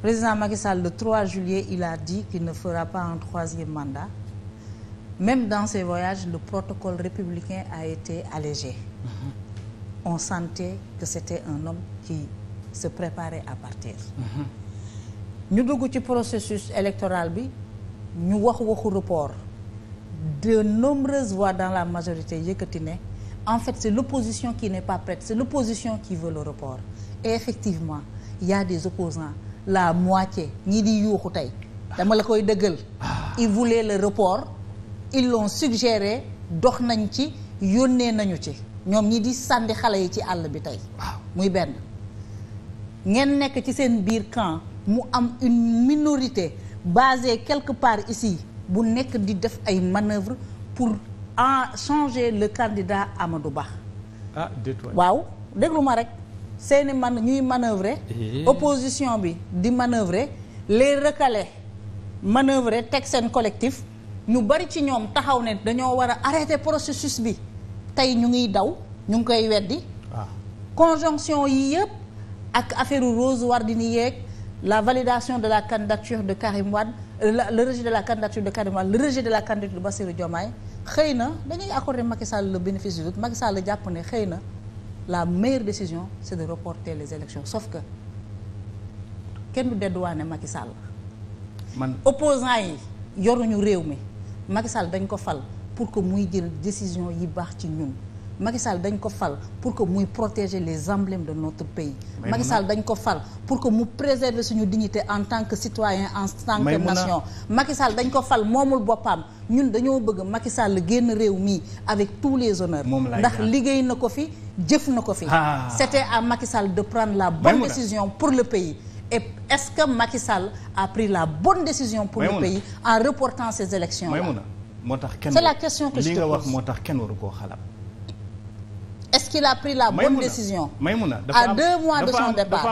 président Macky Sall le 3 juillet il a dit qu'il ne fera pas un troisième mandat même dans ses voyages le protocole républicain a été allégé mhm. on sentait que c'était un homme qui se préparait à partir mhm. ñu dugg ci processus électoral bi ñu wax waxu report de nombreuses voix dans la majorité yëkkati ne en fait c'est l'opposition qui n'est pas prête c'est l'opposition qui veut le report et effectivement il y a des opposants la moitié ñi di yuuxu tey dama la koy dëggal ah. ils voulaient le report ils l'ont dox nañ ci yónnee nañu ci ñoom ñi di sànni xale yi ci àll bi tey muy benn ngeen nekk ci seen biir camp mu am une minorité basée quelque part ici bu nekk di def ay manœuvres pour en changer le candidat ama Ba ah waaw déglu ma rek seeni man ñuy manœuvrer eh. opposition bi di manœuvrer les recalés manœuvrer teg seen collectif ñu bari ci ñoom taxaw ne dañoo war a arrêter processus bi tey ñu ngiy daw ñu ngi koy weddi ah. conjonction yi yëpp ak affaire Rose Wardini yeeg la validation de la candidature de Karim Wade euh, le de la candidature de Karim Wade le de la candidature de Bassirou Diomaye xëy na dañuy accorder Macky Sall le bénéfice du doute Macky Sall jàpp ne xëy na la meilleure décision c'est de reporter les élections sauf que kenn du dédouaner Macky Sall. man opposant yi yoruñu réew mi Macky Sall dañ ko fal pour que muy jël décision yi baax ci ñun. Macky dañ ko fal pour que muy protéger les emblèmes de notre pays. Macky dañ ko fal pour que mu préserver suñu dignité en tant que citoyen en tant que nation. Macky dañ ko fal moomul boppam ñun dañoo bëgg Macky Sall génn réew mi avec tous les honneurs. ndax liggéey na ko fi jëf na ko fi. Ah. c'était à Macky Sall de prendre la bonne décision pour le pays. et est-ce que Macky Sall a pris la bonne décision pour le pays en reportant ces élections là moo tax c'est la question que je te moo tax kenn waru koo xalaat est-ce qu'il a pris la bonne Maïmouna, décision Maïmouna, à deux mois de son départ